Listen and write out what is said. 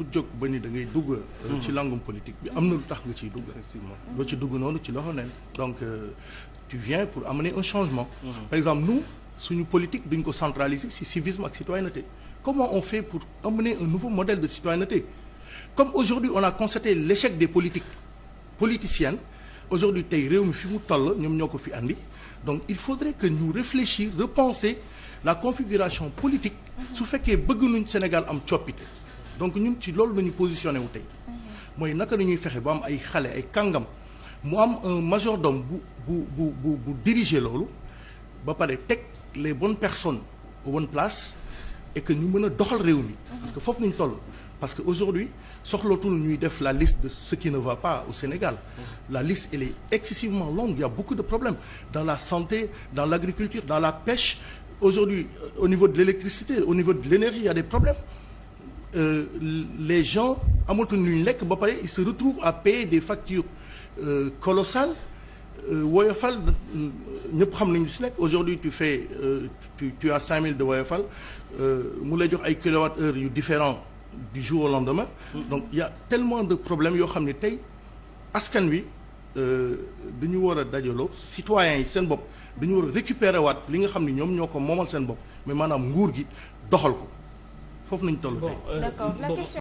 ku jóg ba ni da ngay dugg. Hmm. ci langum politique bi am na lu tax nga ciy dugg. effectivement ci dugg noonu ci loxo neen donc euh, tu viens pour amener un changement. Hmm. par exemple nous suñu politique duñ ko centraliser ci civisme ak citoyenneté comment on fait pour amener un nouveau modèle de citoyenneté comme aujourd'hui on a constaté l'échec des politiques politiciennes aujourd'hui tey réew mi fi mu toll ñoom ñoo ko fi andi donc il faudrait que ñu réfléchir repenser la configuration politique hmm. su fekkee bëgg nañ donc ñu ñun ci loolu la ñu positionné wu tey mooy naka la ñuy fexe ba am ay xale ay kàngam mu am un majordome bu bu bu bu bu diriger loolu ba pare teg les bonnes personnes aux bonnes places et que ñu mën a doxal réew mi parce que foofu nañ toll parce que aujourd'hui soxlootul ñuy def la liste de ce qui ne va pas au Sénégal la liste elle est excessivement longue il y a beaucoup de problèmes dans la santé dans l'agriculture dans la pêche aujourd'hui au niveau de l'électricité au niveau de l'énergie il y euh, les gens amatuñ lu lekk ba pare ils se retrouvent à payer des factures euh, colossales euh, woyofal ñëpp xam nañu si nekk aujourd'hui tu fais euh, tu tu as 5000 de woyofal euh, mu lay jox ay kilowatt heure yu différent du jour au lendemain. Mm. donc il y a de problème yoo xam ne tey askan wi dañu war a dajaloo citoyens yi seen bopp dañu war a récupérer waat li nga xam ne ñoom ñoo ko moomal seen bopp mais maanaam nguur gi doxal ko. foofu nañ toll tey euh,